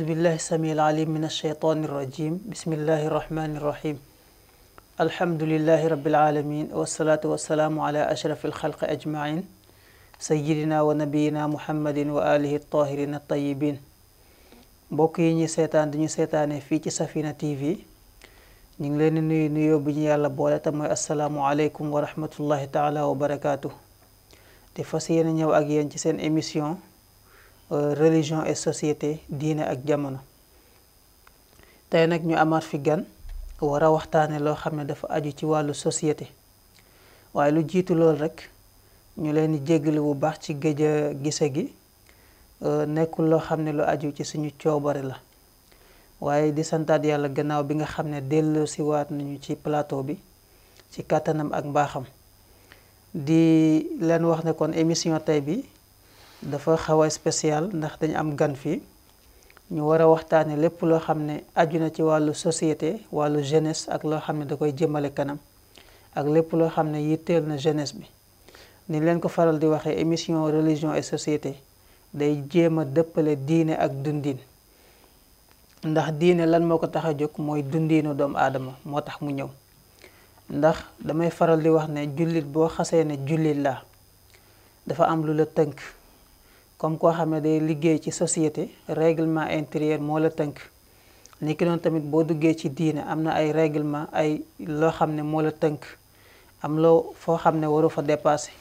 أعوذ بالله السميع العليم من الشيطان الرجيم بسم الله الرحمن الرحيم الحمد لله رب العالمين والصلاة والسلام على أشرف الخلق أجمعين سيدنا ونبينا محمد وآله الطاهرين الطيبين بوكي ني سيتان دي سيتان في سفينة تي في ني لين نوي نيو بني الله السلام عليكم ورحمة الله تعالى وبركاته دي فاسيين نيو اك يان سين إميسيون Euh, religion et société diine ak jamono tey nag ñu amaat fi gan war a waxtaane loo xam ne dafa aju ci wàllu société waaye lu jiitu lool rek ñu leen di jégalu bu baax ci géj gise gi euh, nekkul loo xam ne lu aju ci suñu coobare la waaye di santaat yàlla gannaaw bi nga xam ne dellu si waat nañu ci plateau bi ci kàttanam ak mbaaxam di leen wax ne kon émission tey bi dafa xaw spécial ndax dañu am gan fii ñu war a waxtaane lépp loo xam ne aju na ci wàllu société wàllu jeunesse ak loo xam ne da koy jëmmale kanam ak lépp loo xam ne yitteel na jeunesse bi ni leen ko faral di waxee émission religion et société day jéem a dëppale diine ak dundiin ndax diine lan moo ko tax a jóg mooy dundiinu doomu aadama moo tax mu ñëw ndax damay faral di wax ne jullit boo xasee ne jullit la dafa am lu la tënk comme koo xam ne day liggéey ci société réglement intérieur moo la tënk ni tamit boo duggee ci diine am na ay règlement ay loo xam ne moo la tënk am loo foo xam ne waru fa dépassé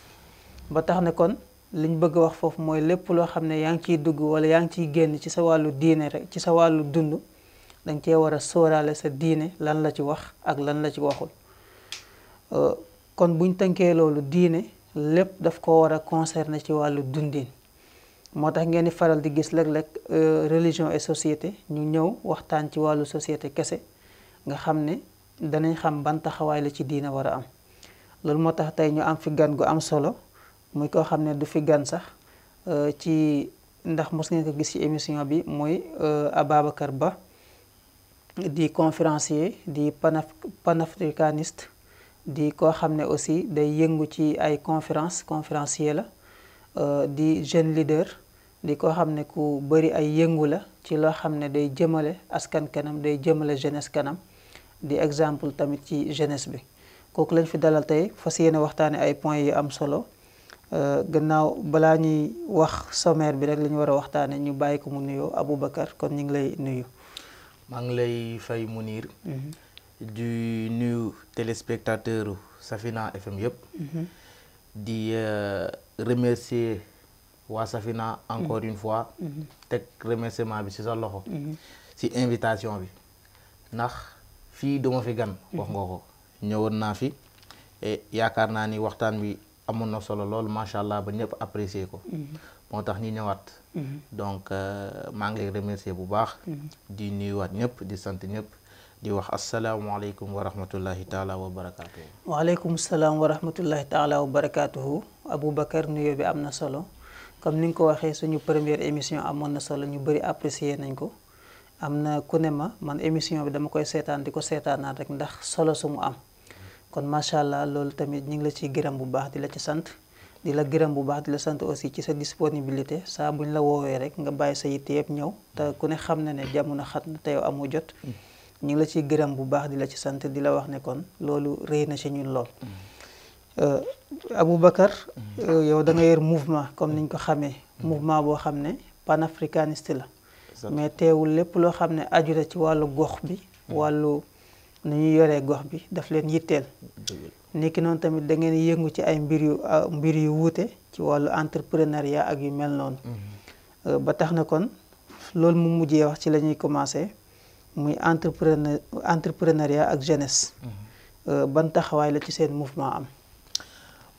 ba tax ne kon liñ bëgg a wax foofu mooy lépp loo xam ne yaa ngi ciy dugg wala yaa ngi ciy génn ci sa wàllu diine rek ci sa wàllu dund danga cee war a sóoraale sa diine lan la ci wax ak lan la ci waxul euh, kon buñ tënkee loolu diine lépp daf ko war a concerné ci wàllu dundin motax ngeen di faral di gis lek lek euh, religion et société ñu ñew waxtaan ci walu société kese nga xamne dañuy xam ban taxaway la ci diina wara am lool motax tay ñu am fi gan gu am solo muy ko xamne du fi gan sax euh, ci ndax mos ngeen ko gis ci émission bi moy euh, ababakar ba di conférencier di panaf panafricaniste di ko xamne aussi day yëngu ci ay conférence conférencier la di jeune leader di ko hamne ku bari ay yëngu la ci lo xamne day jëmele askan kanam day jëmele jeunesse kanam di exemple tamit ci jeunesse bi kooku lañ fi dalal tey fasiyene waxtane ay point yu am solo euh, gannaaw bala ñi wax sommaire bi rek li wara waxtane ñu bayiko mu nuyo abou bakkar kon ñing lay nuyu ma ngi lay fay munir mhm. du nuyu téléspectateur Safina FM yëpp mhm. di euh, remercier waa Safina encore une fois. Mhm. te remerciement bi ci sa loxo. Mhm. ci invitation bi ndax fi douma fi gan. wax mhm. nga ñewon na fi et yakarna ni waxtan bi amuna na solo lool macha allah ba ñep apprécier ko. moo ñi ñewat donc euh, maa ngi remercier bu baax. di nuyuwaat ñep di sant ñep di wax alaykum wa rahmatullahi taala wa wa alaykum assalam wa rahmatullahi taala wa abou bakkar nuyoo bi amna solo. comme ni nga ko waxee suñu première émission amoon na solo ñu bari apprécier nañ ko am na ku ne ma man émission bi dama koy seetaan di ko seetaanaat rek ndax solo su mu am kon macha allah loolu tamit ñu ngi la ciy gërëm bu baax di la ci sant di la gërëm bu baax la sant aussi ci sa disponibilité saa buñ la woowee rek nga bàyyi sa yitte yëpp ñëw te ku ne xam na ne jamono xat te yow jot. Mm. ñu ngi la ciy gërëm bu baax di la ci sant di la wax ne kon loolu rëy na ci ñun lool. Mm. Euh, Aboubacar euh, yow da nga yor mouvement comme niñ ko xamee mouvement boo xam ne panafricaniste la mais teewul lépp loo xam ne aju na ci wàllu gox bi wàllu nu ñuy yoree gox bi daf leen yitteel niki noonu tamit da ngeen yëngu ci ay mbir yu ah, mbir yu wuute ci wàllu entrepreneuriat ak yu mel noonu mm-hmm. euh, ba tax na kon loolu mu mujjee wax ci lañuy ñuy commencé muy entrepreneur entrepreneuriat ak jeunesse mm-hmm. ban taxawaay la ci seen mouvement am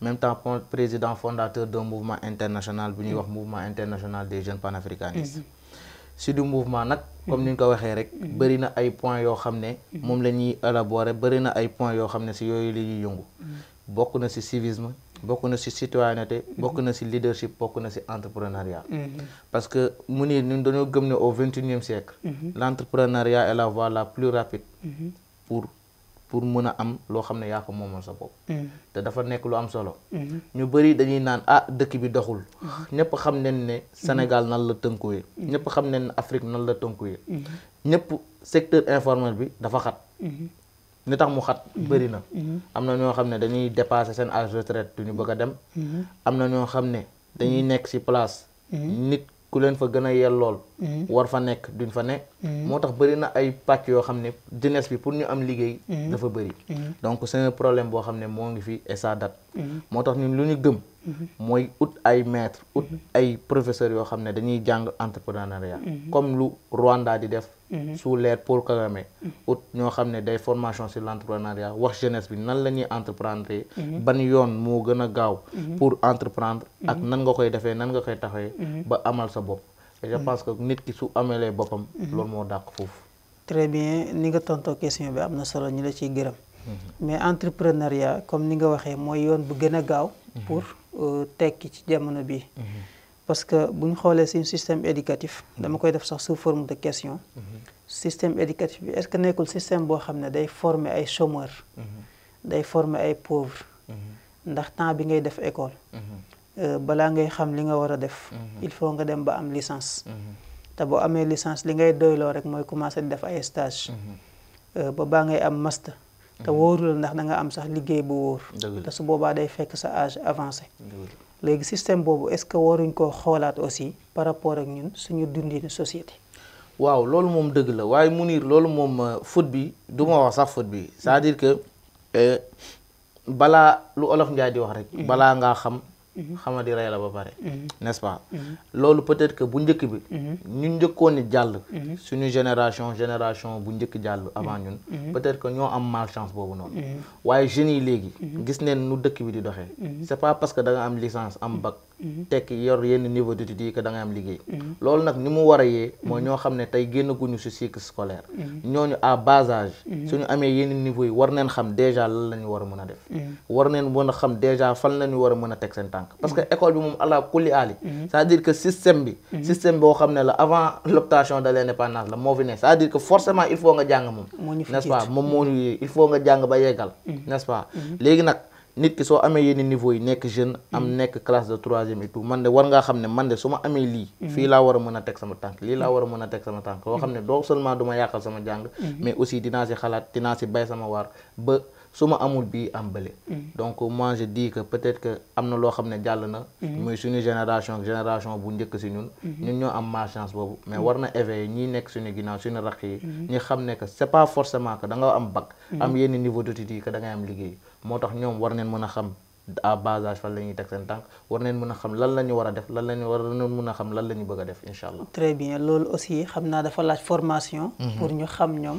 même temps président fondateur d'un mouvement international le mouvement international des jeunes panafricanistes mhm. si du mouvement comme nous le ko il rek a mhm. na points qui sont élaborés, il la a élaborer points na ay points yoo xam ne si yooyu la ñuy mhm. na civisme beaucoup na citoyenneté beaucoup de leadership beaucoup na entrepreneuriat parce que nous ni ñun au 21e siècle l'entrepreneuriat est la voie la plus rapide pour pour mën a am loo xam ne yaa ko moomal sa bopp. Mm. te dafa nekk lu am solo. Mm-hmm. ñu bëri dañuy naan ah dëkk bi doxul. Mm-hmm. ñëpp xam nañ ne mm-hmm. Sénégal nan la tënkuwee. ñëpp xam ne Afrique nan la tënkuwee. ñëpp secteur informel bi dafa xat. li tax mu xat bëri na. am na ñoo xam ne dañuy dépasser seen âge de retraite du ñu bëgg dem. am na ñoo xam ne dañuy nekk ci place. nit ku leen fa gën a yellool. Mm-hmm. war fa nekk duñ fa nekk. Mm-hmm. moo tax bëri na ay pàcc yoo xam ne jeunesse bi pour ñu am liggéey. Mm-hmm. dafa bëri. donc c'est un problème boo xam ne moo ngi fi et ça moo tax lu ñu gëm. mooy ut ay maître ut ay professeurs yoo xam ne dañuy jàng entrepreneuriat mhm. comme lu Rwanda di def mhm. sous l'ère pour Kagame mhm. ut ñoo xam ne day formation sur l'entrepreneuriat wax jeunesse bi nan la ñuy entreprendre ban yoon moo gën a gaaw pour entreprendre ak nan nga koy defee nan nga koy taxawee ba amal sa bopp et je pense que nit ki su amelee boppam loolu moo dàq foofu très bien ni nga tontoo question bi am na solo ñu la ciy gërëm mais entrepreneuriat comme ni nga waxee mooy yoon bu gën a gaaw pour euh, tekki ci jamono bi parce que bu ñu xoolee suñu système éducatif dama koy def sax sous forme de question système éducatif bi est-ce que nekkul système boo xam ne day former ay chômeurs day former ay pauvres ndax temps bi ngay def école euh, balaa ngay xam li nga war a def il faut nga dem ba am licence te boo amee licence li ngay doyloo rek mooy commencer di def ay stage euh, ba baa ngay am master te wóoru ndax da nga am sax liggéey bu wóor te su boobaa day fekk sa âge avancé léegi système boobu est-ce que waruñ koo xoolaat aussi par rapport ak ñun suñu dundin société waaw loolu moom dëgg la waaye mu Mounir loolu moom euh, faute bi du ma wax sax faute bi sa à dire que euh, balaa lu olof njaay di wax rek mm-hmm. balaa ngaa xam Mhm. xamadi ray la ba pare mhm. n'est-ce pas mhm. loolu peut-être que bu njëkk bi ñu njëkkoon ni jàll suñu génération génération bu njëkk jall avant ñun peut-être que ño am malchance boobu noonu waaye jeunes yi légui gis neen nu dëkk bi di doxé c'est pas parce que da nga am licence am bac tek yor yenn niveau d'étude que da nga am liggéey loolu nak ni mu war a yee mooy ñoo xam ne tey génnaguñu si cycle scolaire ñooñu à bas âge suñu amé yenn niveau yi war neen xam déjà lan lañu wara mëna def war neen mën xam déjà fan lañu wara mëna tek mën a manque parce que école bi moom allah kulli aali mhm. c'est-à-dire que système bi mhm. système boo xam ne la avant l'obtention de l'indépendance la moo fi ne cest dire que forcément il faut nga jàng moom nest pas moom moo ñu il faut nga jàng ba yeggal mhm. nest pas léegi nag nit ki soo amee yenn niveau yi nekk jeune am nekk classe de troisième et tout man de war ngaa xam ne man de su ma amee lii fii laa war a mën a teg sama tànk lii laa war a mën a teg sama tànk loo xam ne suma amul bi am bële. Mm. donc moi je dis que peut-être que amna lo xamné jall na. moy mm-hmm. suñu génération génération bu ñëk ci ñun. Mm-hmm. ñun ñoo am malchance bobu mais mm-hmm. warna na éveiller ñi nekk suñu ginnaaw suñu rakk yi. ñi xamné que c'est pas forcément que da nga am bac. am yenn niveau d'étude que da nga am liggéey motax ñom war neen mëna xam. à bas âge fan la ñuy teg seen war nañ mëna xam lan la wara def lan la wara mëna xam lan la ñu bëgg def inshallah très bien lool aussi xamna dafa laaj formation. pour ñu xam ñom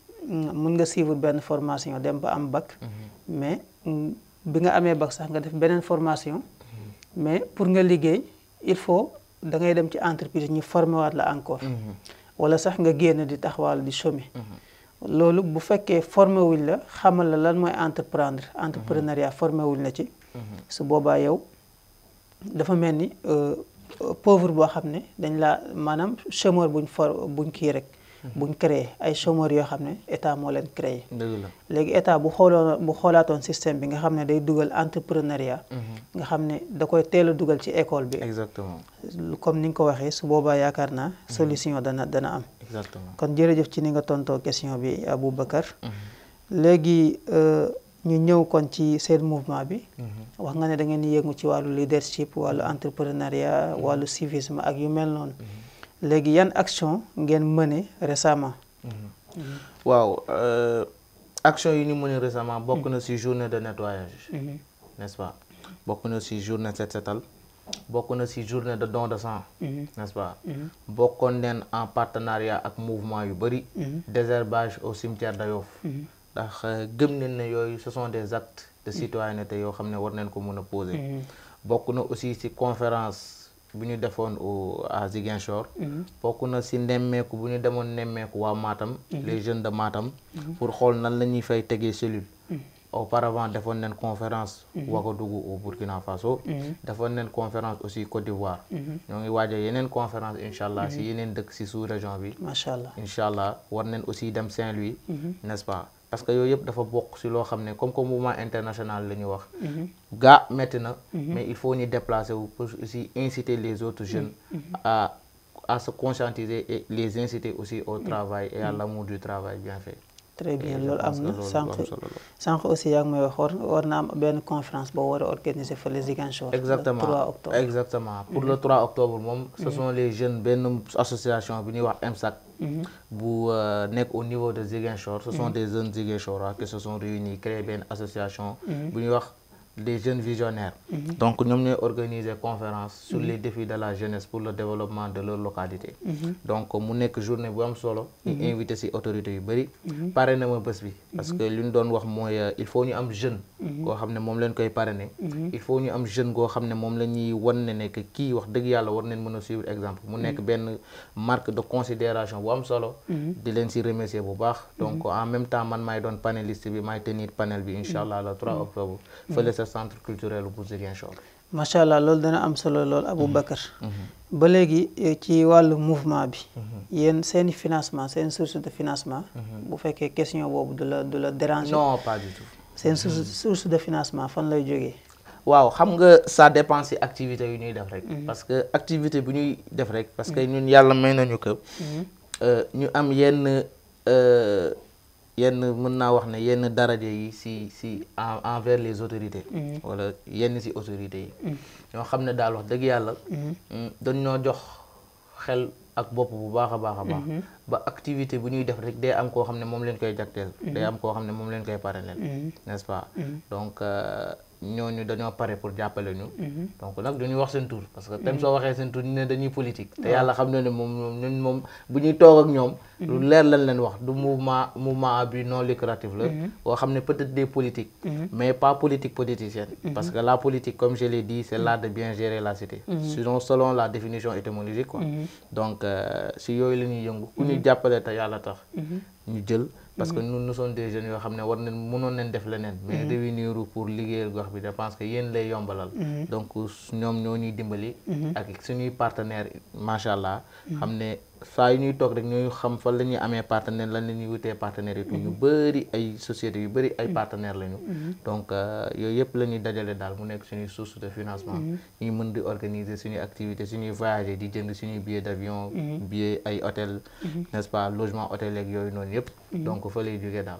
mun nga suivre benn formation dem ba am bac. Mhm. mais bi nga amee bac sax nga def beneen formation. Mhm. mais pour nga liggéey il faut da ngay dem ci entreprise ñu formé la encore. Mhm. wala sax nga génn di taxawal di chômer. loolu bu fekkee formé wuñ la xamal la lan mooy entreprendre entrepreneuriat formé wuñ la ci. su boobaa yow dafa mel ni euh, pauvre boo xam ne dañ laa maanaam chômeur buñ for buñ kii rek. buñ créé ay chômeurs yoo xam ne état moo leen créé. léegi état bu xooloon bu xoolaatoon système bi nga xam ne day dugal entrepreneuriat. Mhm. nga xam ne da koy teel dugal ci école bi. exactement comme ni nga ko waxee su boobaa yaakaar naa mhm. solution dana dana am. exactement kon jërëjëf ci ni nga tontoo question bi Aboubacar. Mhm. léegi euh, ñu ñëw kon ci seen mouvement bi. wax nga ne dangeen di yëngu ci wàllu leadership wàllu entrepreneuriat wàllu civisme ak yu mel noonu. léegi yan action ngeen mené récemment. Mm-hmm. waaw euh, action yi ñu mené récemment bokk na ci journée de nettoyage. Mm-hmm. n'est-ce pas Beaucoup na ci journée set setal Beaucoup na ci journée de don de sang. Mm-hmm. n'est-ce pas Beaucoup neen en partenariat ak mouvement yu bari. désherbage au cimetière Dayof. ndax euh, gëm nañ ne ce sont des actes de citoyenneté yo, xam ne war nañ ko mën poser. bokk aussi ci conférence. bu ñu defoon au à Ziguinchor. Mhm. bokk na si nemmeeku bu ñu demoon nemmeeku waa Matam. Mhm. le jeunes de maatam mhm. pour xool nan la ñuy fay tegee cellule. auparavant defoon nañ conférence. Ouagadougou au Burkina Faso. defoon nañ conférence aussi Côte d'Ivoire. ñoo ngi waaj yeneen conférence incha allah si yeneen dëkk si sous région bi. macha allah incha allah war nañ aussi dem Saint-Louis. nest pas. parce que dafa bokk si lo xamné comme comme mouvement international Il wax. Mhm. Mhm. mais il faut les déplacer pour aussi inciter les autres jeunes. Mhm. à se conscientiser et les inciter aussi au travail et à l'amour du travail bien fait très bien loolu am sank sànq aussi yak ngi may wax war na am ben conférence bo wara a organiser les Ziguinchor. exactement le 3 octobre exactement pour mhm. le 3 octobre mom ce mhm. sont les jeunes ben association bi ni wax MSAC. Mhm. bu euh, nek au niveau de Ziguinchor. ce sont des jeunes Ziguinchorois qui se sont réunis créer ben association. bu ni wax des jeunes visionnaires. Mhm. Donc, nous avons organisé conférence sur mhm. les défis de la jeunesse pour le développement de leur localité. Mhm. Donc, nous avons invité journée autorités solo et invité autorités. Parrainer parce que l'une d'entre il faut go parrainer il faut ñu jeunes qui go xamné mom lañuy suivre exemple marque de considération remercier donc en même temps tenir panel le 3 centre culturel bu Ziguinchor. macha allah loolu dana am solo lool Aboubacar. Mm-hmm. Mm-hmm. ba qui eh, ci un mouvement bi. Mm-hmm. yéen seeni financement une source de financement. bu que question de du la déranger. non pas du tout. c'est une source de financement fan lay jógee. waaw xam ça dépense activité ñuy parce que activité de ñuy parce que nous n'y may nañu que. Euh, ñu am euh, yenn mën naa wax ne yenn daraje yi si si envers les autorités mhm. wala yenn si autorités yi mhm. ñoo xam ne daal wax dëgg yàlla mhm. mm, dañ noo jox xel ak bopp bu baax a baax a baax ba activité bu ñuy def rek day am koo xam ne moom leen koy jagteel day am koo xam ne moom leen koy parrainer nest pas euh, nous pour nous ñu. Mhm. donc nous tour parce que même mhm. tour dañuy politique. nous nous nous nous mouvement non lucratif nous mhm. boo peut-être des politiques. mais pas politique politicienne. parce que la politique comme je l'ai dit c'est de bien gérer la cité. selon selon la définition étymologique donc euh, si la ñuy nous nous tax. parce que ñun mhm. nous sommes des jeunes yoo xam ne war nañ mënoon nañ def leneen. Mhm. mais revenir pour liggéeyal gox bi je pense que yéen lay yombalal. Mhm. donc ñoom ñoo ñuy dimbali. ak suñuy partenaires macha allah. xam ne saa yu ñuy toog rek ñooy xam fan la ñuy amee partenaire lan la ñuy wutee partenaires mm-hmm. ñu bëri ay sociétés yu bëri ay mm-hmm. partenaires lañu. Mm-hmm. donc euh, yooyu yëpp la ñuy dajale daal mu nekk suñuy source de financement. ñuy mën di organiser suñuy activité suñuy voyager di jënd suñuy billet d' avion. billet ay hôtel. n' pas logement hôtel yeeg yooyu noonu yëpp. donc fa lay jógee daal.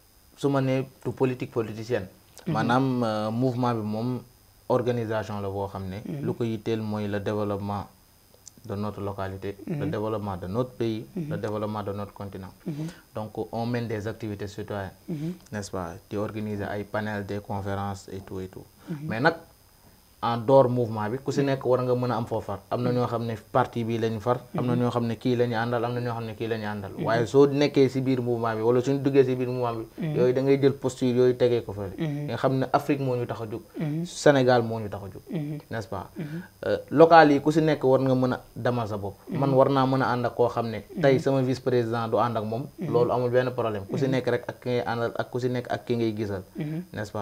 su ma du politique politicienne. Mhm. maanaam euh, mouvement bi mom organisation la boo xamné mhm. lu ko yitel moy le développement de notre localité. Mhm. le développement de notre pays. le développement de notre continent. donc on mène des activités citoyennes. n'est-ce pas tu organises panel des conférences et tout et tout mais nak en dehors mouvement bi ku si nekk war nga mën a am foo far am na ñoo xam ne parti bii lañ far am na ñoo xam ne kii la àndal am na ñoo xam ne kii la ñu àndal mhm. waaye soo nekkee si biir mouvement bi wala suñu duggee si biir mouvement bi mhm. yooyu da ngay jël posture mhm. xam ne Afrique moo ñu tax a jóg Sénégal moo ñu tax a jóg euh, yi ku si nekk war nga mën a demal man war naa mën a ànd koo xam ne tey sama vice président du ànd ak moom loolu amul benn problème ku si nekk rek ak ki ngay àndal ak ku si nekk ak ki ngay gisal n'est-ce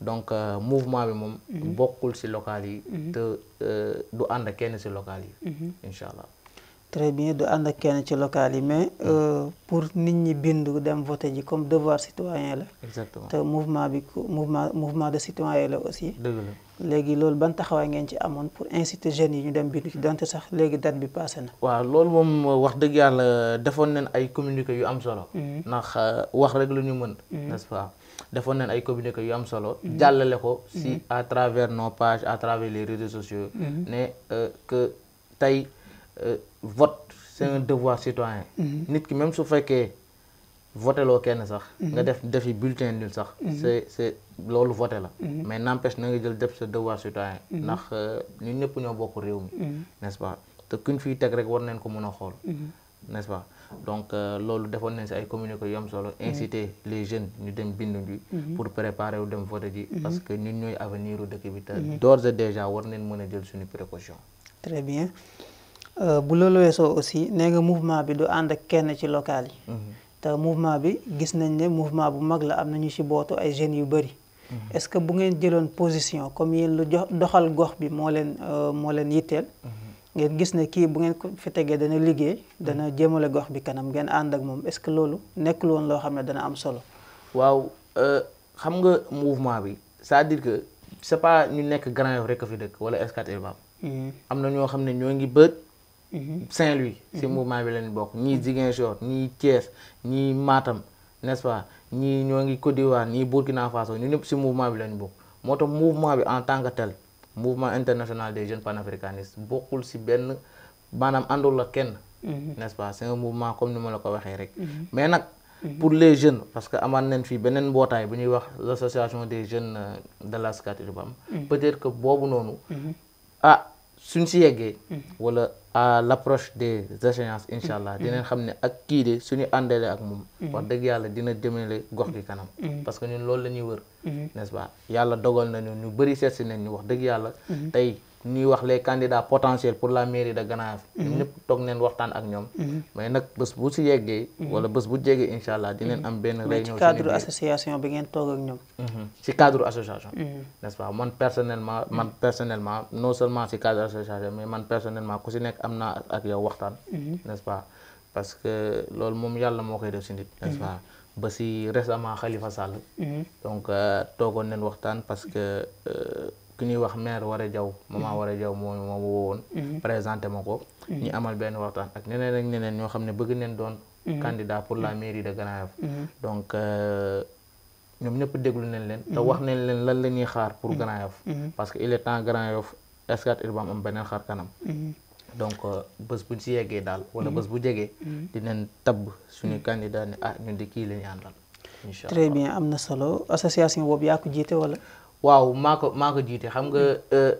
donc euh, mouvement bi mom mhm. bokul ci local yi. Mhm. te euh, du and ak kenn ci local yi. Mhm. inshallah très bien du and ak kenn ci local yi mais euh, pour nit ñi bindu dem voter ji comme devoir citoyen la. exactement te mouvement bi mouvement mouvement de citoyen la aussi. dëgg la léegi loolu ban taxaway ngeen ci amone pour inciter jeunes yi ñu dem bindu ci donte sax légui date bi passé na. waaw lool mom wax dëgg yàlla defon nañ ay communiqué yu am solo. ndax wax rek lu ñu mën. n'est-ce pas. defoon nañ ay communiqué yu am solo. jàllale ko si mhm. à travers nos à travers les réseaux sociaux. Mhm. ne euh, que tey euh, vote c'est un mhm. devoir citoyen. nit ki même su fekkee voté loo kenn sax. nga def defi bulletin nul sax. c'est c'est loolu voté la. mais n'empêche na nga jël def sa devoir citoyen. ndax euh, ñun ñëpp ñoo bokk réew mi. n'est-ce te kuñ fiy teg rek war nañ ko mën a xool. n'est-ce donc euh, loolu defoon nañ ci ay communiqué yom solo inciter les jeunes ñu dem bindu ji mhm. pour préparer ou dem voter ji mhm. parce que ñun ñoy avenir de dëkk bi mhm. d'ores et déjà war nañ mën jël suñu précaution très bien euh, bu loolu weesoo aussi nee nga mouvement bi du ànd ak kenn ci local yi ta mouvement bi gis nañ né mouvement bu mag la am nañu ci bootu ay jeunes yu bari est-ce que bu ngeen jëlone position comme yeen lu doxal gox bi mo leen euh, mo leen yitteel ngeen gis ne kii bu ngeen ko fi tegee dana liggéey dana jéemale gox bi kanam ngeen ànd ak moom est-ce que loolu nekkul woon loo xam ne dana am solo. waaw euh, xam nga mouvement bi sa à dire que c'est pas ñu nekk Grand Yoff rek fi dëkk wala Scat Urbam. Hmm. am na ñoo xam ne ñoo ngi bët. Hmm. Saint-Louis si hmm. mouvement bi leen bokk ñii Ziguinchor ñii Thiès ñii maatam n'est-ce pas ñii ñoo ngi Côte d'Ivoire ñii Burkina Faso ñu ñëpp si mouvement bi leen bokk moo tax mouvement bi en tant que tel. mouvement international des jeunes panafricanistes bokkul si benn maanaam àndul la kenn. Mhm. n'est-ce mouvement comme ni ma la ko waxee rek. Mhm. mais nag mhm. pour les jeunes parce que amaat nañ fii beneen mbootaay bu ñuy wax l'association des jeunes euh, de l'ASCAT URBAM peut-être que boobu noonu. ah suñ si yeggee wala. à l'approche des échéances incha allah mm-hmm. dinañ xam ne ak kii de suñu àndale ak moom mm-hmm. wax dëgg yàlla dina jëmale gox gi kanam mm-hmm. parce que ñun loolu la ñuy wër n'est-ce pas yàlla dogal nañu ñu bëri seet si ñu wax dëgg yàlla tey ñuy wax les candidats potentiels pour la mairie de Grand Yoff ñoom ñëpp toog neen waxtaan ak ñoom mhm. mais nag bés bu si yeggee mhm. wala bés bu jegee incha allah dinañ am mhm. benn réunion ci cadre association bi ngeen toog ak ñoom ci cadre association n'est-ce pas man personnellement man personnellement non seulement ci cadre association mais man personnellement ku si nekk am naa ak yow waxtaan n'est-ce pas parce que loolu moom yàlla moo koy def si nit n'est-ce ba si récemment Khalifa Sall donc euh, toogoon ku ñuy wax maire Waré Diaw maman Waré Diaw moo ma woowoon mhm. présenté ma ko mhm. ñu amal benn waxtaan ak ñeneen ak ñeneen ñoo xam ne bëgg neen doon mhm. candidat pour la mairie de Grand Yoff donc euh, ñoom ñëpp déglu nañ leen te wax nañ leen lan la ñuy xaar pour Grand Yoff parce que il est temps Grand Yoff Scat Urbam am beneen xar kanam donc euh, bés buñ si yeggee daal wala bés bu jegee dinañ tabb suñu candidat ne ah ñun di kii la ñu àndal incha allah très bien am na solo association boobu yaa ko jiite wala waaw maa ko maa ko jiite xam nga mm. euh,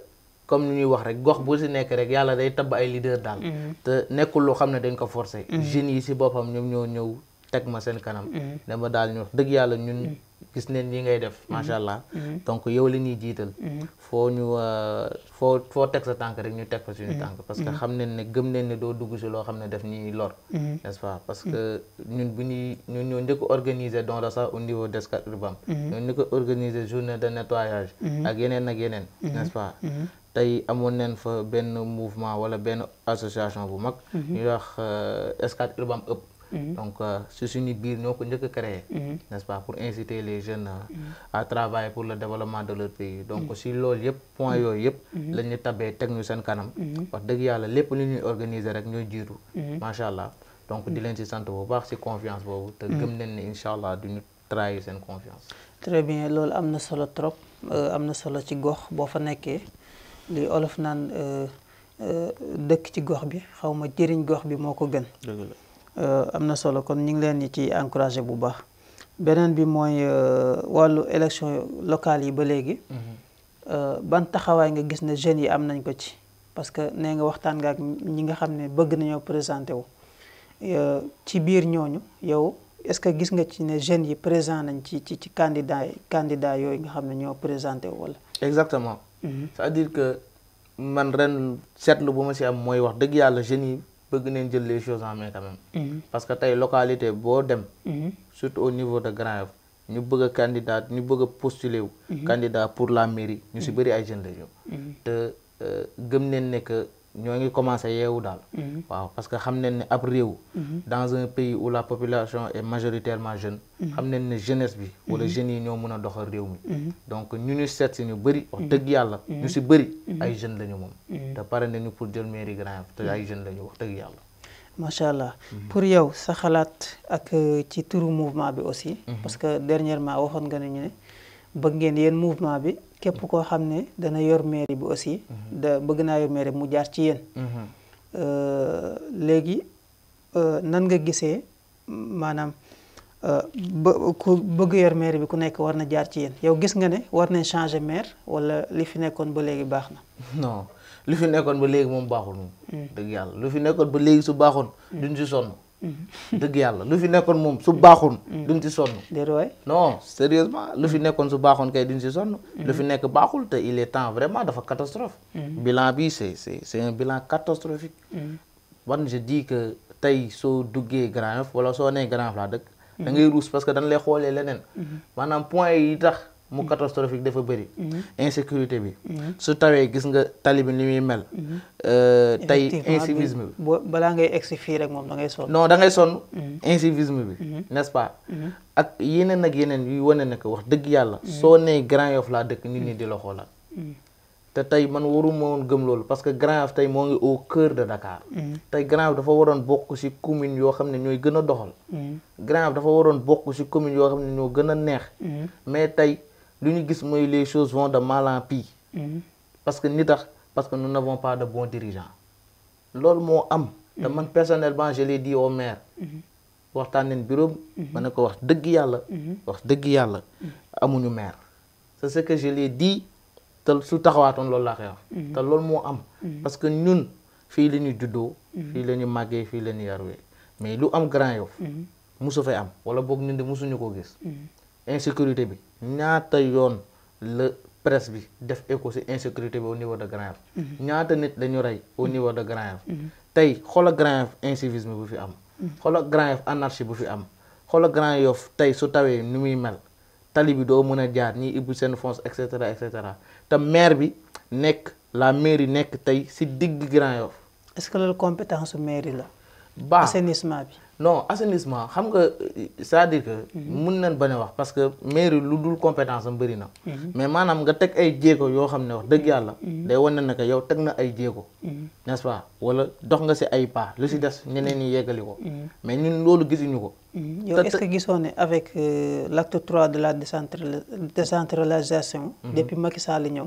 comme ni ñuy wax rek gox bu si nekk rek yàlla day tabb ay leader daal mm. te nekkul loo xam ne dañ ko forcé mm. jeunes yi si boppam ñoom ñoo ñëw teg ma seen kanam ne ma daal ñu dëgg yàlla ñun gis neen li ngay def mm-hmm. macha allah mm-hmm. donc yow la ñuy jiital mm-hmm. foo ñu euh, foo foo teg sa tànk rek ñu teg fa suñu tànk parce que xam nañ ne gëm nañ ne doo dugg si loo xam ne daf ñuy lor n'est-ce pas parce que ñun bu ñuy ñun ñoo njëkk organiser don la sax au niveau des Scat Urbam ñoo njëkk organiser journée de nettoyage ak yeneen ak yeneen n'est-ce pas tey amoon neen fa benn mouvement wala benn association bu mag ñuy wax Scat Urbam ëpp Mhm. donc c'est euh, une biir ñoo ko njëkk créé mhm. n'est-ce pas pour inciter les jeunes mhm. à travailler pour le développement de leur pays donc aussi loolu yëpp point yooyu yëpp la ñu tabee teg ñu seen kanam wax dëgg yàlla lépp li ñuy organiser rek ñooy jiitu macha donc di leen ci sant bu baax ci confiance boobu te gëm nañ ne incha allah duñu trahir seen confiance très bien loolu am na solo trop euh, am na solo ci gox boo fa nekkee li olof naan euh, dëkk ci gox bi xaw jëriñ gox bi moo ko gën Euh, am na solo kon ñu ngi leen di ci encouragé bu baax beneen bi mooy euh, wàllu élection locale yi ba léegi. Mm-hmm. Euh, ban taxawaay nga gis ne jeunes yi am nañ ko ci parce que nee nga waxtaan nga ak ñi nga xam ne bëgg nañoo présenté wu. ci biir ñooñu yow est-ce que gis nga ci ne jeunes yi présent nañ ci ci ci candidat yi yooyu nga xam ne ñoo présenté wu wala. exactement. Mm-hmm. c'est-à-dire que man ren seetlu bu ma si am mooy wax dëgg yàlla jeunes yi. bëgg nañ jël les choses en main quand mhm. parce que tey localité boo dem. Mhm. surtout au niveau de Grand Yoff ñu bëgg a ñu bëgg a postuler mhm. pour la mairie ñu si bëri ay jeunes la ñu. te euh, gëm ne que ñoo ngi commencé yeewu daal. Mhm. waaw parce que xam nañ ne ab mhm. dans un pays où la population est majoritairement jeune. Mhm. xam nañ ne jeunesse bi. wala jeunes yi ñoo mën a doxal réew mi. donc ñu ñu seet si ñu bëri. wax dëgg yàlla ñu si bëri. ay jeunes la ñu moom. te pare nañu pour jël mairie Grand Yoff te ay jeunes la ñu wax dëgg yàlla. macha allah pour yow sa xalaat ak euh, ci turu mouvement bi aussi. parce que dernièrement waxoon nga ne ñu ne. bëgg ngeen yéen mouvement bi képp koo xam ne dana yor mairie bi aussi mhm. da bëgg naa yor mairie bi mu jaar ci yéen mhm. euh, léegi euh, nan nga gisee maanaam euh, ba ku bëgg yor maire bi ku nekk war na jaar ci yéen yow gis nga ne war nañ changer maire wala li fi nekkoon ba léegi baax na. non fi nekkoon ba léegi moom baaxul moom. Hmm. dëgg yàlla lu fi nekkoon ba léegi su baaxoon. Hmm. duñ si sonn. dëgg yàlla lu fi nekkoon moom su baaxoon. Mm. duñ ci sonn. déedéet non sérieusement lu fi nekkoon su baaxoon kay duñ ci sonn. Mm. lu fi nekk baaxul te il est temps vraiment dafa catastrophe. Mm. bilan bi c' est c' est un bilan catastrophique. man je dis que tey soo duggee Grand Yoff wala soo nee Grand Yoff laa dëkk. da ngay ruus parce que dañ lay xoolee leneen. Mm-hmm. maanaam point yi tax. mu mm-hmm. catastrophique dafa bëri. Mm-hmm. insécurité bi. Mm-hmm. su tawee gis nga tali bi ni muy mel. Euh, tey incivisme bi. boo balaa ngay egsi fii rek moom da ngay sonn. non da ngay sonn. bi. n'est-ce ak yeneen ak yeneen yu wane ne wax dëgg yàlla. soo nee Grand Yoff laa dëkk nit ñi di loxoo la te tey man waruma woon gëm loolu parce que Grand Yoff tey moo ngi au cœur de ndakaar tey Grand Yoff dafa waroon bokk ci commune yoo xam ne ñooy gën a doxal. Grand Yoff dafa waroon bokk ci commune yoo xam ne ñoo gën a neex. mais tey. lu gis mooy les choses vont de mal en pis. Mm-hmm. parce que ni tax parce que nous n'avons pas de bons dirigeants. loolu moo am. te mm-hmm. man personnellement je l'ai dit au maire. Mm-hmm. waxtaan nañ bureau ma ne ko wax dëgg yàlla. wax dëgg yàlla. amuñu maire. c'est ce que je l'ai dit te su taxawaatoon loolu laa koy wax. te loolu moo am. parce que ñun fii la ñu juddoo. fii la ñu màggee fii mais lu am Grand Yoff. musu fay am wala boog ñun de musuñu koo gis. insécurité bi ñaata yoon la presse bi def écho ci insécurité bi au niveau de Grand Yoff mhm. ñaata nit dañu rey au mhm. niveau de Grand Yoff mhm. tey xoola Grand Yoff incivisme bu fi am xoola Grand Yoff anarchie bu fi am xoola Grand Yoff tey su tawee ni muy mel tali bi doo mën a jaar ñiy ibbi seen fonce et cetera et cetera te maire bi nekk la mairie nekk tey si digg Grand Yoff est-ce que compétence su mairie la assainissement non assainissement c'est-à-dire que. Mhm. ne nañ bañ parce que mairie lu compétence mhm. mais manam nga tek ay djégo yo xamné wax deug Yalla mhm. day wonné naka yow tek na ay n'est-ce pas wala dox nga Nous ay pas lu ci dess ñeneen ni mais ñun loolu ko. yow est-ce que gissone avec euh, l'acte 3 de la décentralisation. depuis Macky Sall ñëw.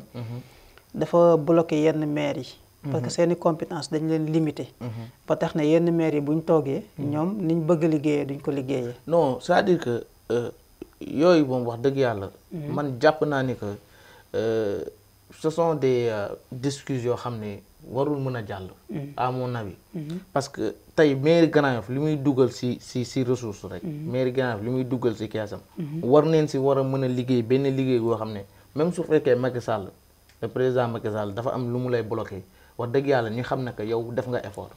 dafa bloquer yenn mairie parce que mhm. seen i compétence dañ leen limité. Mhm. ba tax na yenn maire yi bu ñu toogee. Mhm. ñoom niñ bëgg a liggéeyee duñ ko liggéeyee. no cest dire que euh, yooyu moom wax dëgg yàlla. man jàpp naa ni que euh, ce sont des discussions euh, yoo xam ne warul mën a jàll. à mon avis. parce que tey mairie Grand Yoff li muy dugal si si si ressource rek. mairie Grand Yoff li muy dugal si keesam. war neen si war a mën a liggéey benn liggéey boo xam ne même su fekkee Sall le président dafa am lu mu lay bloqué. wax dëgg yàlla ñu xam ne que yow def nga effort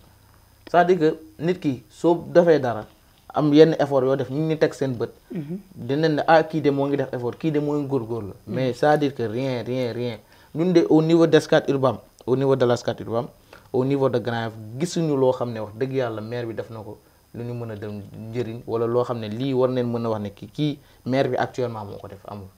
c'est-à-dire que nit ki soo defee dara am yenn effort yoo def ñu ngi teg seen bët. Mhm. dinañ ne ah kii de moo ngi def effort kii de moo ngi góorgóorlu. Mhm. mais sa à dire que rien rien rien ñun de au niveau de Scat au niveau de la Scat Urbam au niveau de Grand Yoff gisuñu loo xam ne wax dëgg yàlla maire bi def na ko lu ñu mën a dem njëriñ wala loo xam ne lii war neen mën a wax ne kii kii maire bi actuellement moo ko def amul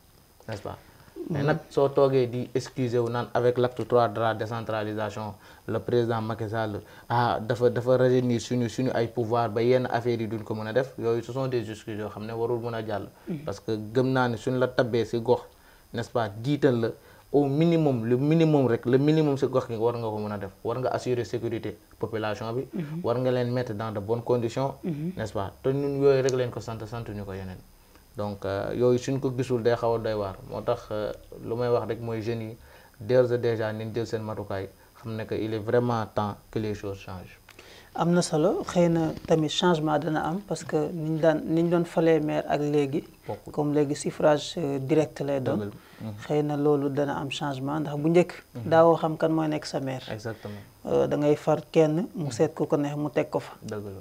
mais nag soo toogee di excuser wu avec l'acte 3 trois de la décentralisation le président Macky Sall a ah, dafa dafa rajeunir suñu suñu ay pouvoir ba yenn affaires yi duñ ko mën def yooyu ce sont des excuses yoo xam ne warul mën mm-hmm. parce que gëm nous ne la table si gox nest ce pas jiital le au minimum le minimum rek le minimum c'est gox gi war nga ko mën a def war nga assurer sécurité population bi. Mm-hmm. war nga mettre dans de bonnes conditions. Mm-hmm. nest ce pas te ñun yooyu rek leen ko sant sant ñu ko donc euh, yooyu suñ ko gisul day xaw a doy waar moo tax euh, lu may wax rek mooy jeunes yi d'ores et déjà nañ jël seen matukaay xam ne que il est vraiment temps que les choses changent. am na solo xëy na tamit changement dana am parce que niñ ñu daan ni ñu doon falee maire ak léegi. comme léegi suffrage euh, direct lay doon. Mhm. xëy na loolu dana am changement ndax bu njëkk. Mhm. daawoo xam kan mooy nekk sa maire. exactement da ngay far kenn mu seet ku ko neex mu teg ko fa. dëgg la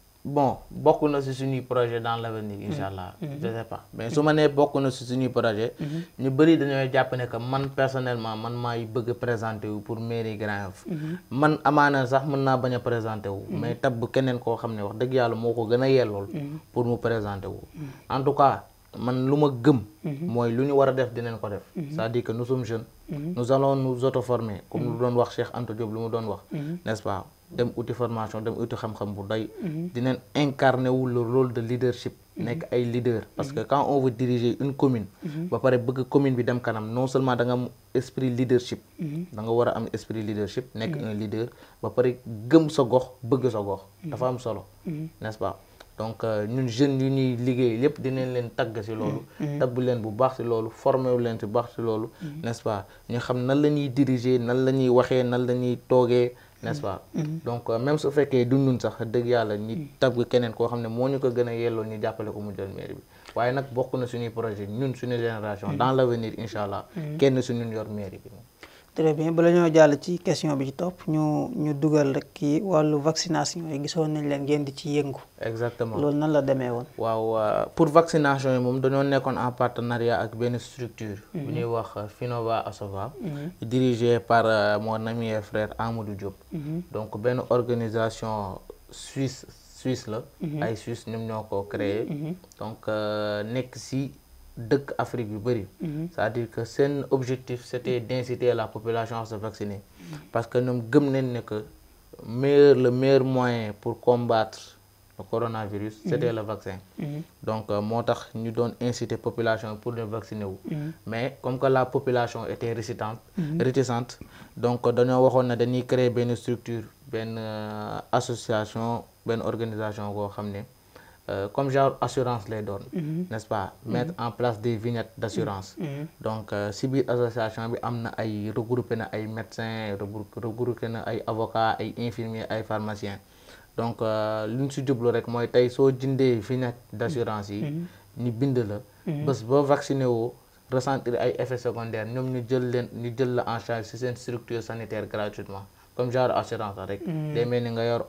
bon beaucoup nous si projet dans l'avenir, mhm. Inch'Allah, mhm. je sais pas mais mhm. si ma nee beaucoup nous si projet. ñu bëri dañoo jàpp ne que moi, personnellement man maay bëgg présenter wu pour mairie Grave. Yoff. man amaana sax mën pas bañ présenter wu. mais tab bu keneen koo xam ne wax dëgg le moo ko gën a pour mu présenter wu. en tout cas man que je gëm. mooy c'est ce qu'on a def ko def. c'est-à-dire que nous sommes jeunes. nous allons nous auto-former. comme lu doon wax Cheikh Anta Diop lu mu doon wax. n'est-ce pas dem outil formation dem outil xam-xam bu doy mhm. dinañ incarné wu le rôle de leadership mhm. nek ay leader parce mhm. que quand on veut diriger une commune ba pare bëgg commune bi dem kanam non seulement da nga am esprit leadership da nga wara am esprit leadership nek un leader ba pare gëm sa gox bëgg sa gox dafa am solo n'est-ce pas donc euh, ñun jeune yu ñuy liggéey lépp dinañ leen tagg ci loolu tabb leen bu baax ci loolu formé leen ci baax ci loolu n'est-ce pas ñu xam nan la ñuy diriger nan la ñuy waxee nan la ñuy toogee n'est-ce pas. Mm-hmm. Mm-hmm. donc euh, même su fekkee dundun sax dëgg yàlla ñi fait mm-hmm. keneen koo xam ne ko gën a yelloo ñu ko mu jël mairie bi waaye nag bokk na suñuy projet ñun suñu génération dans l' avenir kenn suñu yor mairie bi. très bien bala ñoo jàll ci question bi ci topp ñu ñu dugal rek kii wàllu vaccination yi gisoon nañ leen ngeen di ci yëngu. exactement loolu nan la demee woon. waaw euh, pour vaccination yi moom dañoo nekkoon en partenariat ak benn structure. Mhm. bu ñuy wax euh, Finova Asova. Mhm. dirigée par euh, mon ami et frère Amadou Diop. Mhm. donc benn organisation suisse suisse la. ay suisse ñoom ñoo ko créé. donc nekk si. Afrique mhm. c'est-à-dire que objectif c'était d'inciter la population à se vacciner. parce que nous savons que le meilleur moyen pour combattre le coronavirus. Mhm. c'était le vaccin. Mhm. donc nous euh, nous ñu incité la population pour le vacciner mais comme que la population était réticente. réticente donc euh, créé une structure une euh, association une organisation euh, comme genre assurance les donne mhm. n'est-ce pas mhm. mettre en place des vignettes d'assurance mhm. donc euh, si biir association bi regroupé na médecins regroupé na avocats ay infirmiers ay pharmaciens donc li ñu si jublu rek mooy tey soo des vignette d'assurance yi ni bind la bés boo vacciné ressentir des effets secondaires ñoom ñu jël en charge une structures structure sanitaire gratuitement comme genre assurance avec rek day ni nga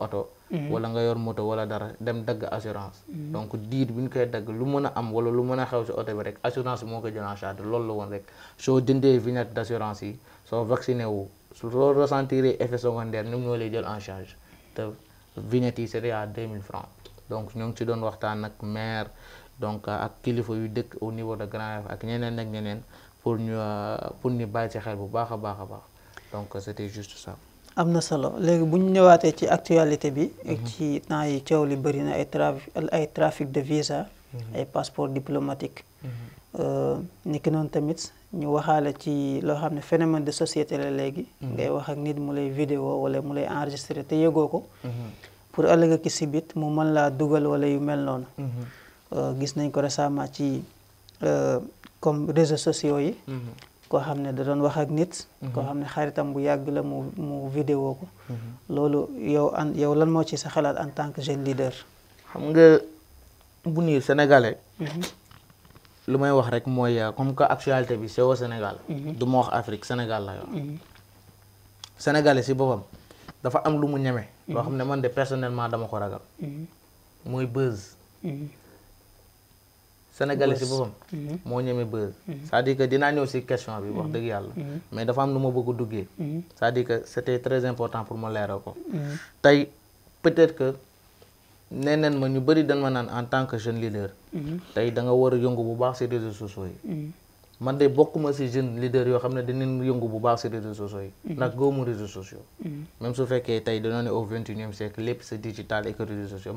Mm-hmm. wala nga yor moto wala dara dem dagg assurance. Mm-hmm. donc diir buñ koy dagg lu mën a am wala lu mën a xew si oto bi rek assurance moko moo jël en charge loolu la woon rek so jëndee vignette d'assurance yi so vacciné wu soo ressentir effet secondaire ñu ñoo lay jël en charge te vignette yi c' à 2000 francs donc ñoo ci doon waxtaan nak maire donc ak kilifa yu dëkk au niveau de Grand Yoff ak ñeneen ak ñeneen pour ñu euh, pour ñu bàyyi ci xel bu baax a baax a baax donc c' était juste ça. am na solo léegi bu ñu ñëwaatee ci actualité bi. Mhm. ci temps yi coow li bëri na ay trafic ay trafic de visa. Mhm. ay passeport diplomatique. Mhm. Euh, niki noonu tamit ñu waxaale ci loo xam ne phénomène de société la léegi. ngay wax ak nit mu lay vidéo wala mu lay enregistré te yëgoo ko. pour ëllëg ak si bit mu mën laa dugal wala yu mel noonu. Euh, gis nañ ko récemment ci euh, comme réseaux sociaux yi. koo xam ne da doon wax ak nit koo xam ne xaritam bu yàgg la mu mu vidéo ko loolu yow an yow lan moo ci sa xalaat en tant que jeune leader xam nga bu nii sénégalais lu may wax rek mooy comme que actualité bi c'est au Sénégal du ma wax Afrique Sénégal la yoon sénégalais si boppam dafa am lu mu ñeme loo xam ne man de personnellement dama ko ragal mooy buzz sénégalais si boppam mhm. moo ñeme buzz mhm. c'est-à-dire dinaa ñëw si question bi wax dëgg yàlla mhm. mais dafa am nu ma bëgg a duggee c'est-à-dire que c'était très important pour ma leeral ko tey peut-être que nee neen ma ñu bari dañ ma naan en tant que jeune leader tey danga nga war a yëngu bu baax si réseaux sociaux yi man de bokk bokkuma si jeune leader yoo xam ne dinañ yëngu bu baax si réseaux sociaux yi ndax gëwuma réseaux sociaux même su fekkee tey dañoo ne au vingt et unième siècle lépp c'est digital et que réseaux sociaux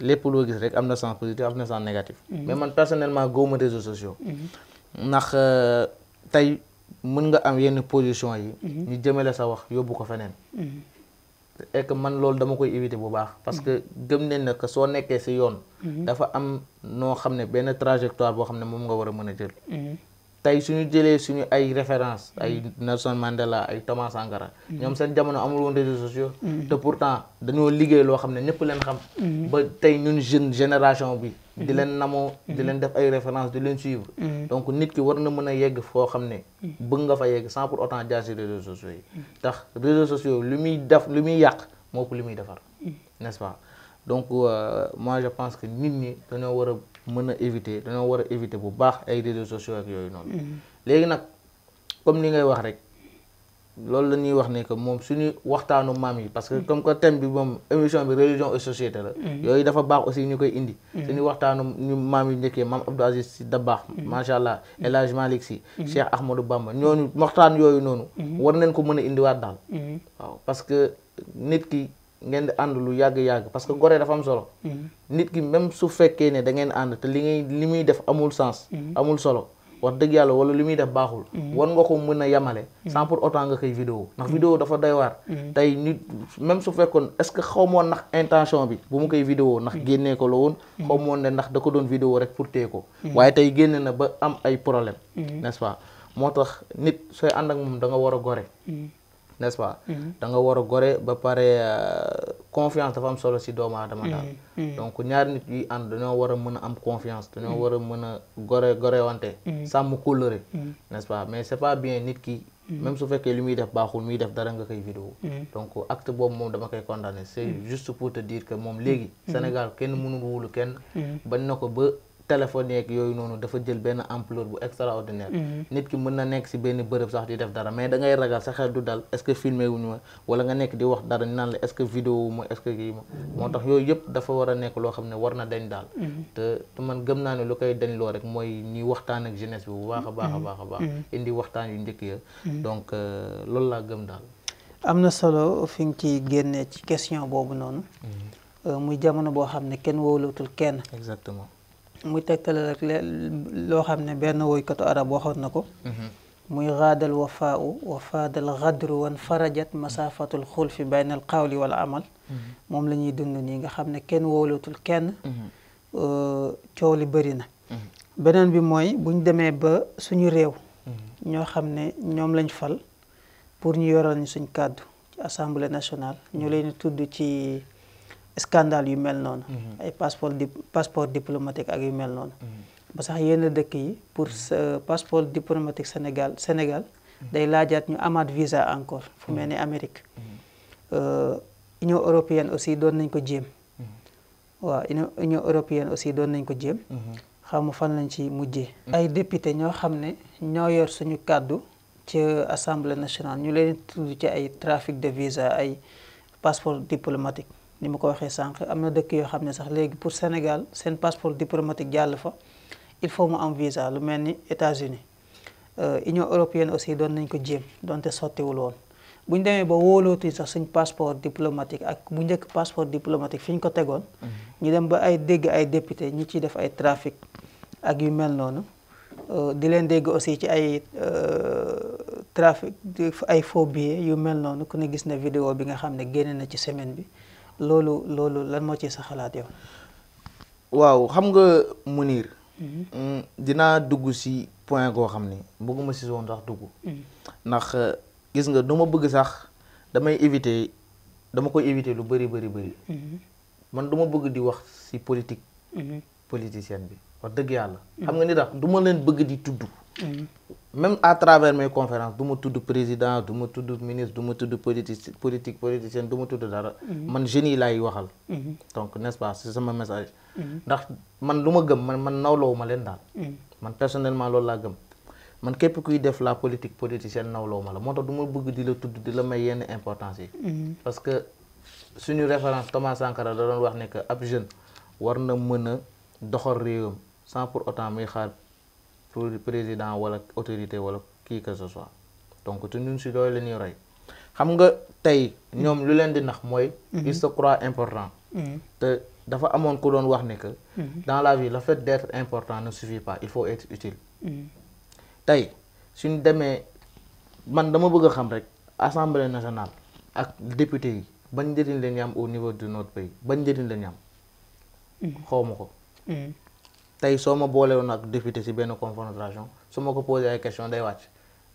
lépp loo gis rek am na sens positif am na sens négatif. Mhm. mais man personnellement góoma réseaux sociaux. Mhm. ndax euh, tey mën nga am yenn position yi. Mhm. ñu jëmale sa wax yóbbu ko feneen. et man loolu dama koy éviter bu baax. parce que gëm nañ ne que soo nekkee si yoon. dafa am noo xam ne benn trajectoire boo xam ne moom nga war a mën a jël. tay suñu jëlé suñu ay référence ay Nelson Mandela ay Thomas Sankara ñom seen jamono amul won réseaux sociaux mm. te pourtant dañoo liggéey lo xamné ne ñëpp leen xam mm. ba tay ñun jeune génération bi di mm. leen namo di leen def ay référence di leen suivre donc nit ki war na mëna yegg fo xamné bëgg nga fa yegg sans pour autant jaar réseaux sociaux yi tax réseaux sociaux lu muy def lu muy yàq moo ko li muy defar n'est-ce pas donc euh, moi je pense que nit ñi dañoo war a mën a éviter dañoo war a éviter bu baax ay réseaux sociaux ak yooyu noonu. Mm. léegi nag comme ni ngay wax rek loolu la ñuy wax ne que moom suñu waxtaanu maam yi parce que mm. comme que thème bi moom émission bi religion et société la. Mm. yooyu dafa baax aussi ñu koy indi. suñu waxtaanu ñu maam yi njëkkee maam Abdou Aziz Sy baax macha allah El Hadj Malick Sy. Cheikh Ahmadou Bamba ñooñu waxtaan yooyu noonu. war nañ ko mën a indiwaat daal. waaw parce que nit ki. ngeen di ànd lu yàgg-yàgg parce que gore dafa am solo mm-hmm. nit ki même su fekkee ne da ngeen ànd te li ngay li muy def amul sens mm-hmm. amul solo wax dëgg yàlla wala li muy def baaxul mm-hmm. war nga ko mën a yemale sans pour autant nga koy vidéo ndax vidéo dafa doy waar tey nit même su fekkoon est ce que xaw moon ndax intention bi bu mu koy vidéo ndax génnee ko la woon xaw moon ne ndax da ko doon vidéo rek pour téye ko waaye tey génn na ba am ay problème n'est-ce moo tax nit sooy ànd moom da war a gore n'est-ce pas. Mm-hmm. da nga war a gore ba pare euh, confiance dafa am solo si doomu aadama daal. Mm-hmm. Mm-hmm. donc ñaari nit yuy ànd dañoo war a mën a am confiance dañoo war a mën a gore gorewante. sàmm kóllëre. n'est-ce pas mais c'est pas bien nit ki. même su fekkee li muy def baaxul muy def dara nga koy vidéo donc acte boobu moom dama koy condamné c'est juste pour te dire que moom léegi. Sénégal kenn mënul wóolu kenn. bañ na ko ba. téléphone yeeg yooyu noonu dafa jël benn ampleur bu extraordinaire mhm. nit ki mën na nekk si benn bërëb sax di def dara mais da ngay ragal sa xel du dal est-ce que filmé wuñu ma wala nga nekk di wax dara ñu naan la est-ce que vidéo wu ma est-ce que kii ma moo tax yooyu yëpp dafa war a nekk loo xam ne war na dañ daal mhm. te man gëm naa ne lu koy dañ loo rek mooy ñuy waxtaan ak jeunesse bi bu baax a baax a mhm. baax a baax indi waxtaan yu njëkk ya donc euh, loolu laa gëm daal am na solo fi nga ci génne ci question boobu noonu euh, muy jamono boo xam ne kenn wóolootul kenn exactement muy tegtale rek loo xam ne benn woykatu arab waxoon na ko muy gaadal wafaau wafaadal xadru wan farajat masaafatul xulfi bayna al qawli wal amal moom la ñuy dund nii nga xam ne kenn wóolatul kenn coow li bëri na beneen bi mooy bu ñu demee ba suñu réew ñoo xam ne ñoom lañ fal pour ñu yoral ñu suñ kàddu ci assemblée nationale ñu leen tudd ci scandale yu mel mhm. ay passeport passeport diplomatique ak yu mel non mhm. ba sax yene dekk yi pour mhm. passeport diplomatique Sénégal Sénégal. day lajat ñu amad visa encore fu mel ni Amérique. Euh, Union européenne aussi doon nañ ko jéem. wa Union européenne aussi doon nañ ko jéem. xamu fan lañ ci mujjé ay député ño xamné ño yor suñu cadeau ci assemblée nationale ñu leen tuddu ci ay trafic de visa ay passeport diplomatique ni ma ko waxee sànq am na dëkk yoo xam ne sax léegi pour Sénégal seen passeport diplomatique jàll fa il faut mu am visa lu mel ni États-Unis euh, Union européenne aussi doon nañ ko jéem donte sottiwul woon bu ñu demee ba wóolootuñ sax suñ passeport diplomatique ak bu njëkk passeport diplomatique fi ñu ko tegoon mhm. ñu dem ba ay dégg ay député ñi ciy def ay trafic ak yu mel noonu euh, di leen dégg aussi ci ay euh, trafic ay faux billets yu mel noonu ku ne gis na vidéo bi nga xam ne génne na ci semaine bi loolu loolu lan moo ci sa xalaat yow. waaw xam nga mu niir mm-hmm. mm, dinaa dugg si point goo xam ne bëgguma si woon sax dugg. Mm-hmm. ndax euh, gis nga duma bëgg sax damay éviter dama koy éviter lu bëri bëri bëri. Mm-hmm. man du bëgg di wax si politique. politicienne bi wax dëgg yàlla. xam nga ni tax ma leen bëgg di tudd. même à travers mes conférences du ma tudd président du ma tudd ministre du ma tudd politique politique politicien du ma tudd dara. Mhm. man génie. yi laay waxal. Mhm. donc n'est-ce pas c'est mon message. Mhm. ndax man lu ma gëm man man nawloo ma leen man personnellement loolu laa gëm. man képp kuy def la politique politicienne nawloo ma la moo tax bëgg di la tudd di la may yenn importance yi. parce que suñu référence Thomas Sankara da doon wax ne que ab jeune war na mën doxal réewam sans pour autant muy xaar président ou autorité ou qui que ce soit donc te ñun si loolu la ñuy roy xam nga tay ñom lu leen di nax moy mhm. il se croit important mhm. te dafa amone ko doon wax ne que mhm. dans la vie le fait d'être important ne suffit pas il faut être utile tay suñu demee man dama bëgg xam rek assemblée nationale ak député yi ban njëriñ la au niveau de notre pays bañ njëriñ leen ñu xawmako tey soo ma boolewoon ak député ci benn confrontation su ma ko posé ay question day wàcc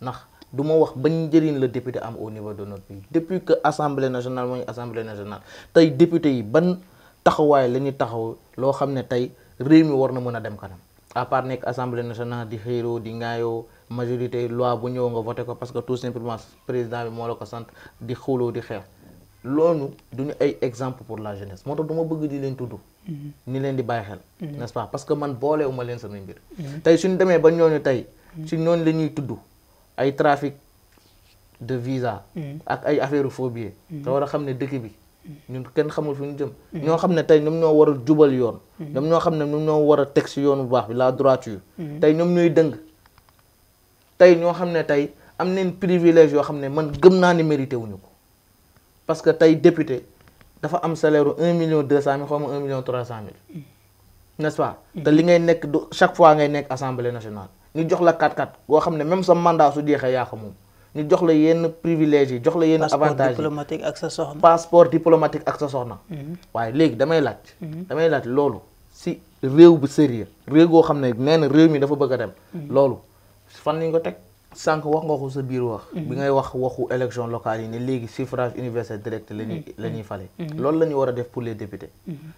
ndax du ma wax bañ njëriñ la député am au niveau de notre pays depuis que assemblée nationale mooy assemblée nationale tey député yi ban taxawaay la ñuy taxaw loo xam ne tey réew mi war na mën a dem kanam à part nekk assemblée nationale di xiiroo di ngaayoo majorité loi bu ñëw nga voté ko parce que tout simplement président bi moo la ko sant di xuloo di xeex loolu duñu ay exemple pour la jeunesse moo tax du ma bëgg di leen tudd. ñu mm-hmm. leen di bàyyi xel. Mm-hmm. n'est-ce pas parce que man booleewuma leen samay mbir. Mm-hmm. tey suñu demee ba ñooñu tey. si ñooñu la ñuy tudd ay trafic de visa. ak ay affaire phobie. te war a xam ne dëkk bi. ñun kenn xamul fu ñu jëm. ñoo xam ne tey ñoom ñoo war a jubal yoon. ñoom ñoo xam ne ñoom ñoo war a teg si yoon bu baax bi la droiture. tey ñoom ñuy dëng. tey ñoo xam ne tey am neen privilège yoo xam ne man gëm naa ni mérité wuñu ko. parce que tay député dafa am salaire 1 un million deux cent mille xaw million trois cent mille mm. n'est-ce pas mm. te li ngay nek du chaque fois ngay nek assemblée nationale ñu jox la 4-4 go xamné même sa mandat su jeexee ya ko moom ñu jox la yenn privilèges jox la yenn avantages diplomatique ak sa soxna passeport diplomatique ak sa soxna mm-hmm. waaye légui damay laaj mm-hmm. damay lacc lolu si réew bu sérieux réew go xamné néna nee réew mi dafa bëgg a dem mm-hmm. lolu fan lañ ko tek sànq wax nga ko sa biir wax. Mm-hmm. bi ngay wax waxu élection locale yi ne léegi suffrage universel direct la mm-hmm. la ñuy fale. Mm-hmm. loolu la ñu war a def pour les députés.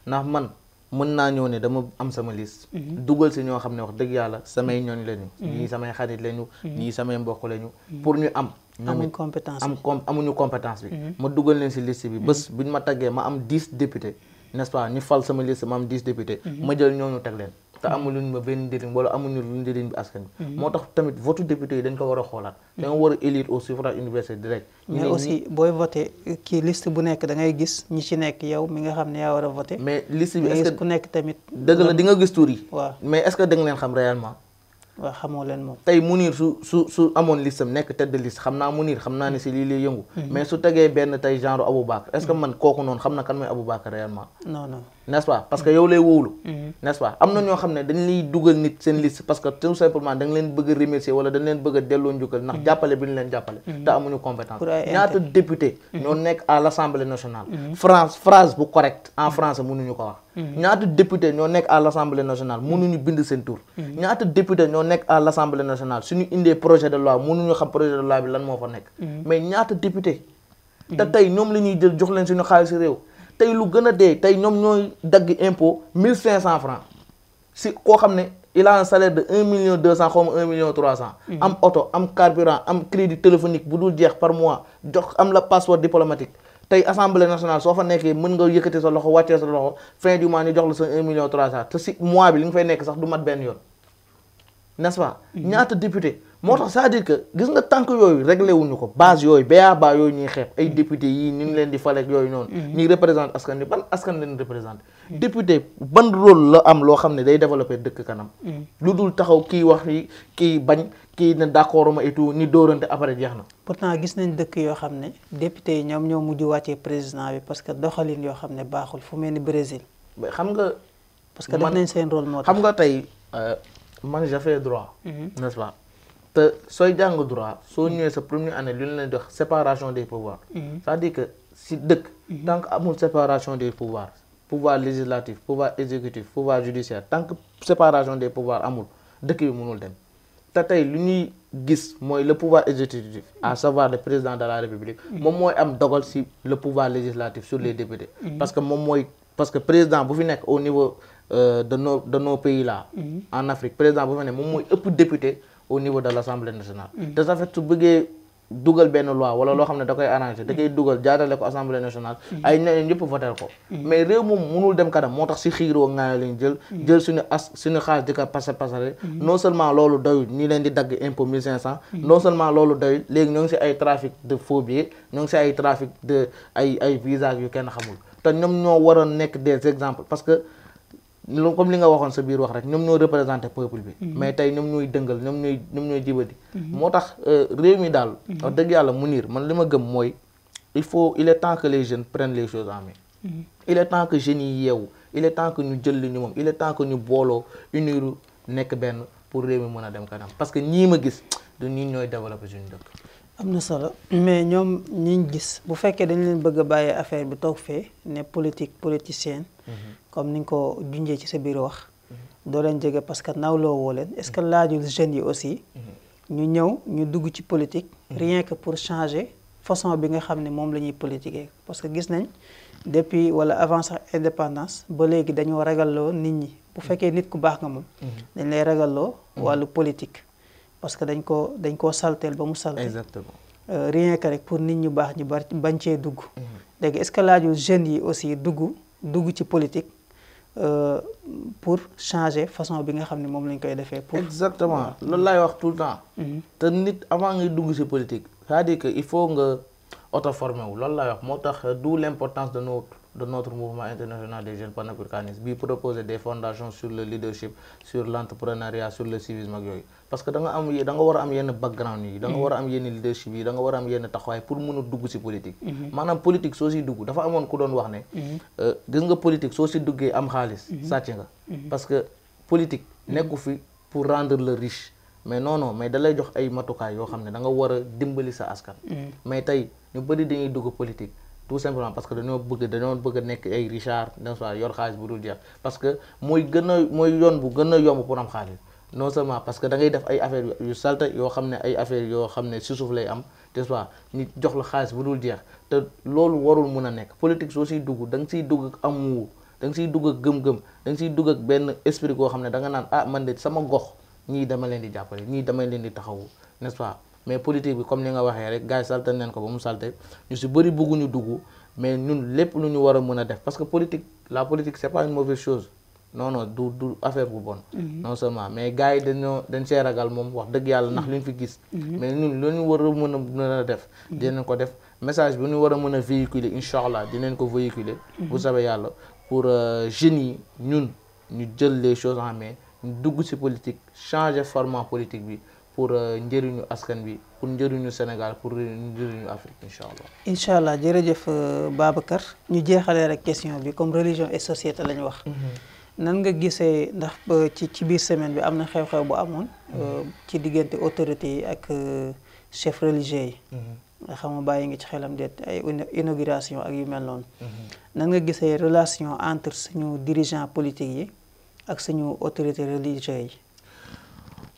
ndax man mën naa ñëw ne dama am sama liste. dugal si ñoo xam ne wax dëgg yàlla samay ñooñ lañu. ñii samay xarit lañu. ñii samay mbokk lañu. pour ñu am. amuñu compétence am com amuñu compétence bi. ma dugal leen si liste bi bés bu ñu ma taggee ma am dix députés n'est-ce ñu fal sama liste ma am dix députés. ma jël ñoo ñu teg leen. te amul amuluñ ma benn njëriñ wala amuñu lu njëriñ bi askan bi mm-hmm. moo tax tamit vote député yi dañ ko war a xoolaat mm-hmm. da nga war a élire au suffrage universel direct mais aussi booy voté kii list bu nekk da ngay gis ñi ci nekk yow mi nga xam ne yaa war a voté mais list bi est ku nekk tamit dëgg la di nga gis tur yi waaw mais est-ce leen xam réellement waaw xamoo leen moom tey Mounir su su su amoon listam nekk tête de xam naa mu Mounir xam naa ne si lii lay yëngu mm-hmm. mais su tegee benn tey genre Aboubacar est-ce que man kooku noonu xam na kan mooy Aboubacar réellement non non n'est-ce pas parce que yow lay wóolu mm-hmm. n'est-ce am na ñoo xam ne dañ lay dugal nit seen liste parce que tout simplement da nga leen bëgg a remercier wala dañ leen bëgg a delloo njukkal ndax mm-hmm. jàppale bi ñu leen jàppale mm-hmm. te amuñu compétence ñaata député ñoo nekk à l'Assemblée nationale France phrase bu correcte en français mënuñu ko wax ñaata député ñoo nekk à l'Assemblée nationale mënuñu bind seen tur ñaata député ñoo nekk à l'Assemblée nationale suñu indee projet de projet de loi lan moo fa nekk mais ñaata député te tey ñoom la ñuy jël jox leen suñu xaalis réew tey lu gën a dee tey ñoom ñooy dagg impôt mille cinq cent francs si koo xam ne il a un salaire de un million deux cent xaw ma un million trois cent mhm. am oto am carburant am crédit téléphonique bu dul jeex par mois jox am la passeport diplomatique tey assemblée nationale soo fa nekkee mën nga yëkkati sa loxo wàccee sa loxo fin du mois ñu jox la sa un million trois cent te si mois bi li nga fay nekk sax du mat benn yoon n'est-ce mhm. ñaata député moo tax cest dire que gis nga tànk yooyu réglé wuñu ko base yooyu ba ba yooyu ñuy xeeb ay député yii ñu leen di falek yooyu noonu mm-hmm. ñuy représenté askan bi ban askan leen représenté député ban rôle la am loo xam ne day développé dëkk kanam mm-hmm. lu dul taxaw kii wax yi kii bañ kii ne d'accord ma et tout ni dóorante après jeex na pourtant gis nañ dëkk yoo xam ne député yi ñoom ñoo mujj wàccee président bi parce que doxalin yoo xam ne baaxul fu mel ni Brésil xam nga parce que def nañ seen rôle moo xam nga tey euh, man j'ai fait te soy le droit soit ñëwee sa première année lu séparation des pouvoirs mhm. c'est-à-dire que si dëkk mhm. tant que séparation des pouvoirs pouvoir législatif pouvoir exécutif pouvoir judiciaire tant que séparation des pouvoirs amul dëkk bi mënul dem gis le pouvoir exécutif à mhm. savoir le président de la république Moi moi am le pouvoir législatif sur les députés parce que le parce que président vous fi au niveau euh, de nos de nos pays là en Afrique président député au niveau de l' nationale. Mm. te ça fait su bëggee dugal benn loi wala loo xam ne da koy arrangé da koy dugal jaarale ko assemblée nationale. Mm. ay ñeneen ñëpp voté ko. Mm. mais réew moom munul dem kanam moo tax si xiiroo ŋaayoo lañ jël. jël suñu as suñu xaalis di passer passer non seulement loolu doyul ñi leen di dagg impôt 1500. non seulement loolu doyul léegi ñoo ngi si ay trafic de faux ñoo ngi si ay trafic de ay ay yu kenn a comme li nga waxoon sa biir wax rek ñoom ñoo représenté peuple bi mhm. mais tey ñoom ñooy dëngal ñoom ñooy ñoom ñooy jibadi mhm. moo tax euh, réew mi daal mhm. dëgg yàlla mu niir man li ma gëm mooy il faut il est temps que les jeunes prennent les choses en main il est temps que jeunes yi yeewu il est temps que ñu jël li ñu moom il est temps que ñu booloo uniru nekk benn pour réew mi mën a dem kanam parce que ñii ma gis du ñii ñooy développer suñu dëkk am na mais ñom ñiñ gis bu féké dañ leen bëgg a affaire bi tok fee né politique politicienne. comme ni nga ko junjee ci sa biir wax. do leen jege parce que nawlo woo leen est-ce que laajul jeunes yi aussi. ñu ñëw ñu dugg ci politique. rien que pour changer façon bi nga xamné mom lañuy la politiquer parce que gis nañ depuis wala avant sa indépendance ba léegi dañoo ragalloo nit ñi bu féké nit ku baax nga mom dañ lay ragalloo walu politique parce que dañ ko dañ ko saltel ba mu salte exactement euh, rien que rek pour nit ñu bax ñu bari bañ cee dugg mhm. léegi est-ce que laaju jeune yi aussi dugg dugg ci politique euh, pour changer façon bi nga xamni mom lañ koy défé pour exactement lool lay wax tout le temps mhm. te nit avant ngay dugg ci politique c'est-à-dire que il faut nga auto formé wu loolu laay wax motax d'où l'importance de notre de notre mouvement international des jeunes panafricanistes bi proposer des fondations sur le leadership sur l'entrepreneuriat sur le civisme parce que da nga am da nga a am background yi da nga mhm. am leadership yi da nga war a am yenn pour mën a dugg la politique la mhm. politique soo si dugg dafa amoon ku doon wax ne mhm. euh, gis nga politique c'est aussi duggee am xaalis sàcc nga parce que politique nekku fi pour rendre le riche mais non non mais da lay jox ay matukaay yoo xam un da nga war a dimbali sa askan mais tey ñu bëri dañuy dugg politique tout simplement parce que dañoo bëgg dañoo bëgg a nekk ay Richard non seulement yor xaalis bu dul jeex parce que mooy gën a mooy yoon bu gën a yomb pour am xaalis non seulement parce que da def ay affaire yu salte yoo xam ne ay affaire yoo xam ne si suuf lay am n'est-ce pas jox la xaalis bu dul jeex te loolu warul mun a nekk politique soo siy dugg da nga siy dugg ak amuwu da nga siy dugg ak gëm-gëm da siy dugg ak benn esprit koo xam ne da nga naan ah man de sama gox ñii dama leen di jàppale ñii dama leen di taxawu mais politique bi comme ni nga waxé rek gars yi salte nañ ko bamu salté ñu ci bari bëggu ñu dugg mais ñun lepp lu ñu wara mëna def parce que politique la politique c'est pas une mauvaise chose non non du du affaire bu bonne mhm. non seulement mais gars dañu dañ see ragal mom wax dëgg yalla nak mhm. luñ fi gis. Mhm. mais ñun lu ñu war a mën a def. dinañ ko def message bu ñu wara mëna véhiculer inshallah allah dinañ ko véhiculer. bu sabee yalla pour génie euh, ñun ñu jël les choses en main ñu dugg ci politique changer format politique bi pour euh, njëriñu askan bi pour njëriñu Sénégal pour njëriñu Afrique incha allah. incha allah jërëjëf euh, Babacar ñu jéxalé rek question bi comme religion et société lañ wax. Mhm. nan nga gisee ndax euh, ci ci biir semaine bi am na xew-xew bu amoon. Mhm. ci diggante autorité yi ak chef religieux yi. Mhm. nga xam nga bàyyi nga ci xelam déet ay inauguration ak yu mel noonu. nan nga gisee relation entre suñu dirigeant politique yi ak suñu autorité religieux yi.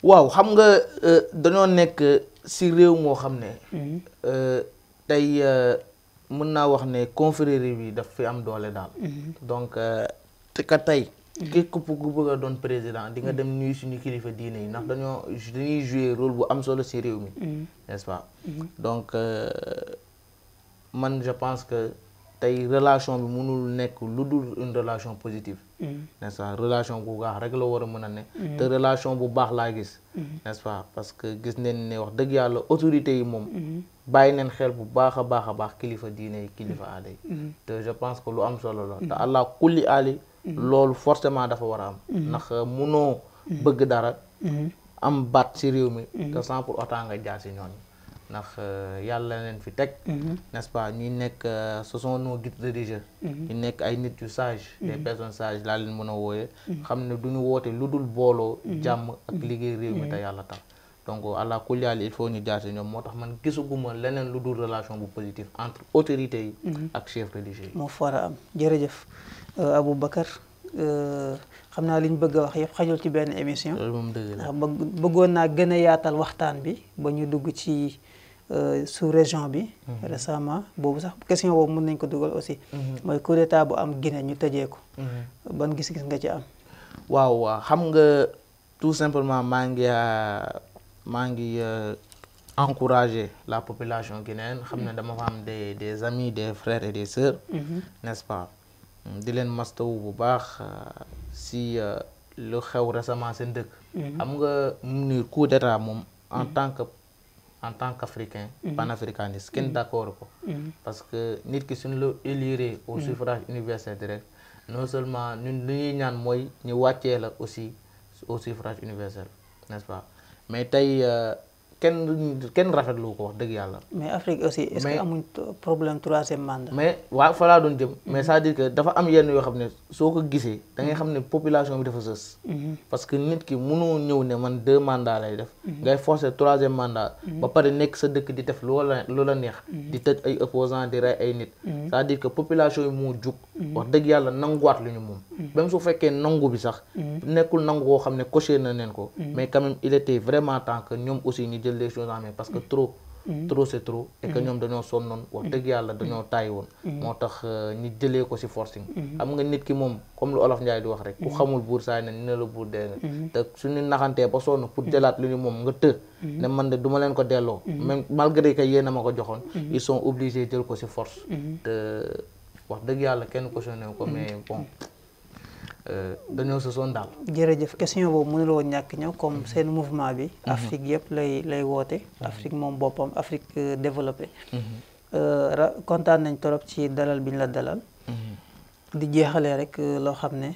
waaw xam nga euh, dañoo nekk si réew moo xam ne. Mhm. Euh, tey euh, mën naa wax ne confrérie bi daf fi am doole daal. Mhm. donc te ka tey. Mhm. képp ku bëgg a doon président di nga dem nuyu suñu kilifa diine yi ndax dañoo dañuy jouer rôle bu am solo si réew mi. n'est-ce donc man je pense que. tey relation bi mënul nekk lu dul une relation positive. Mm-hmm. nest relation bu baax rek la war a mën a ne. Mm-hmm. te relation bu baax laa gis. Mm-hmm. nest parce que gis neen ne wax dëgg yàlla autorité yi moom. bàyyi neen xel bu baax a baax a baax kilifa diine yi kilifa aada yi. te je pense que lu am solo la. te allah kulli ali loolu forcément dafa war a am. ndax munoo bëgg dara. am baat ci réew mi. te sans pour autant nga jaar si ñooñu. ndax eh, yàlla leen fi teg mhm. n'est-ce pas nekk soson eh, noo nos guides religieux mhm. ñu nekk ay nit yu sage mhm. des personnes sages laa leen mën a wooyee xam ne du ñu woote lu dul booloo jàmm ak liggéey réew mi te yàlla tax donc àla kulyaal il faut ñu jaar si ñoom moo tax man gisuguma leneen lu dul relation bu positive entre autorité yi ak chef religieux yi moo foora am jërëjëf eh, Aboubacar xam naa li ñu bëgg a wax yëpp xajul ci benn émission ndax ah, bëggoon naa gën a yaatal waxtaan bi ba ñu dugg ci Euh, sous région bi. Mhm. récemment bobu sax question nañ ko aussi. Mhm. coup d'état bu am ñu ko. Mhm. ban gis-gis nga ci tout simplement maa euh, euh, encourager la population guinéenne xam ne dama des amis des frères et des sœurs. n'est-ce pas di leen mastawu bu si le xew récemment seen dëkk. xam nga munir coup d'état en tant que en tant qu'Africain, mhm. panafricaniste, est mhm. d'accord mhm. parce que nit ki sommes la élire au suffrage universel direct non seulement nous, sommes ñuy ñaan nous, aussi au suffrage universel n'est-ce pas mais euh, kenn kenn rafetlu ko wax dëgg yàlla. mais Afrique aussi est-ce que amuñ problème troisième mandat. mais waaw fa doon jëm. Mhm. mais cest dire que dafa am yenn yoo xam ne soo ko gisee da ngay xam ne population bi dafa sës. Mhm. parce que nit ki mënoo ñëw ne man deux mandats lay def. Mhm. ngay forcer troisième mandat. ba pare nekk sa dëkk di def loola loola neex. di tëj ay opposants di rey ay nit. cest dire que population yi moo jug. Mm-hmm. wax dëgg yàlla nanguwaat lu ñu moom mm-hmm. même su fekkee nangu bi sax mm-hmm. nekkul nangu koo xam ne coché na neen ko mais quand même vraiment temps que ñoom dañoo sonnoon wax dëgg yàlla dañoo tàyyi woon moo tax euh, ñu jëlee ko ci forcing xam nga nit ki moom comme lu olof Njaay di wax rek ku xamul buur saay na ni ne la buur dee nga te suñu naxantee ba sonn pour jëlaat lu moom nga të ne man de du ma leen ko delloo malgré que yéen a ma ko joxoon ils sont obligés jël wax dëgg yàlla kenn cautionné ko mm. mais bon euh, dañoo sosoon daal. jërëjëf question boobu mënuloo ñàkk ñëw comme mm. seen mouvement bi. Mm-hmm. Afrique yëpp lay lay woote. Mm-hmm. Afrique moom boppam Afrique euh, développée. Mm-hmm. Euh, ra kontaan nañ torop ci dalal bi ñu la dalal. di jeexalee rek loo xam ne.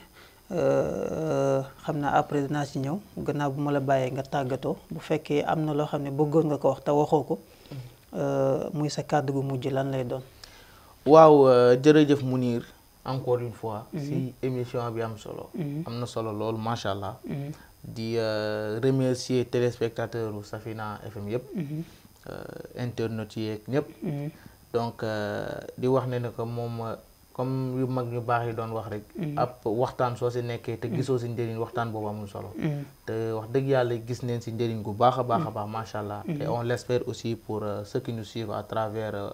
xam naa après dinaa ci ñëw gannaaw bu ma la bàyyee nga tàggatoo bu fekkee am na loo xam ne bëggoon nga ko wax te waxoo ko muy sa kàddu gu mujj lan lay doon. waaw euh, jërëjëf Mounir encore une fois. Mhm. si émission bi am solo. Mhm. am na solo lool macha allah. Mhm. di euh, remercier téléspectateur u Safina FM yëpp. Euh, internet yi yeeg ñëpp. donc di wax ne ne que moom comme yu mag ñu baax yi doon wax rek. ab waxtaan soo si nekkee te gisoo si njëriñ waxtaan boobu amul solo. te wax dëgg yàlla gis neen si njëriñ gu baax a baax a baax macha allah. et on l'espère aussi pour ceux qui nous à travers.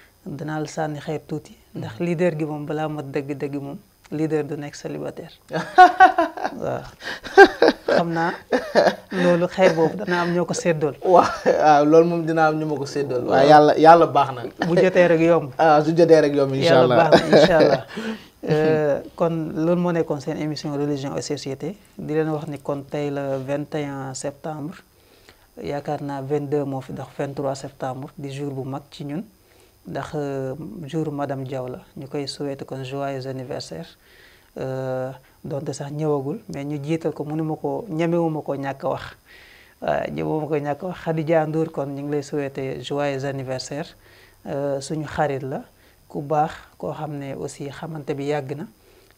danaa la sànni xeeb tuuti mm-hmm. ndax leader gi moom balaa ma dëgg-dëgg moom leader du nekk célibataire waaw xam naa loolu xeeb boobu dana am ñoo ko séddool. waaw waaw loolu moom dina am ko séddool. waaw yàlla yàlla baax na. bu jotee rek yomb. ah su jotee rek yomb incha allah yàlla baax na incha allah. Euh, kon loolu moo nekkoon seen émission religion et société di leen wax ni kon tey la 21 septembre yaakaar naa 22 moo fi ndax 23 septembre di jour bu mag ci ñun. ndax euh, jour madame Diaw la ñu koy souhaité kon joyeux anniversaire euh, donte sax ñëwagul mais ñu jiital ko mënuma ko ñemewuma ko ñàkk wax waaw ñemewuma ko ñàkk wax Khadija Ndour kon ñu ngi lay souhaité joyeux anniversaire euh, suñu xarit la ku baax koo xam ne aussi xamante bi yàgg na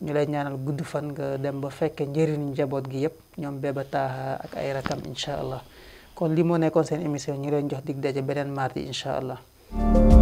ñu lay ñaanal gudd fan nga dem ba fekkee njëriñu njaboot gi yépp ñoom béba taaxa ak ay rakam incha allah kon lii moo nekkoon seen émission ñu leen jox dig daje beneen mardi incha allah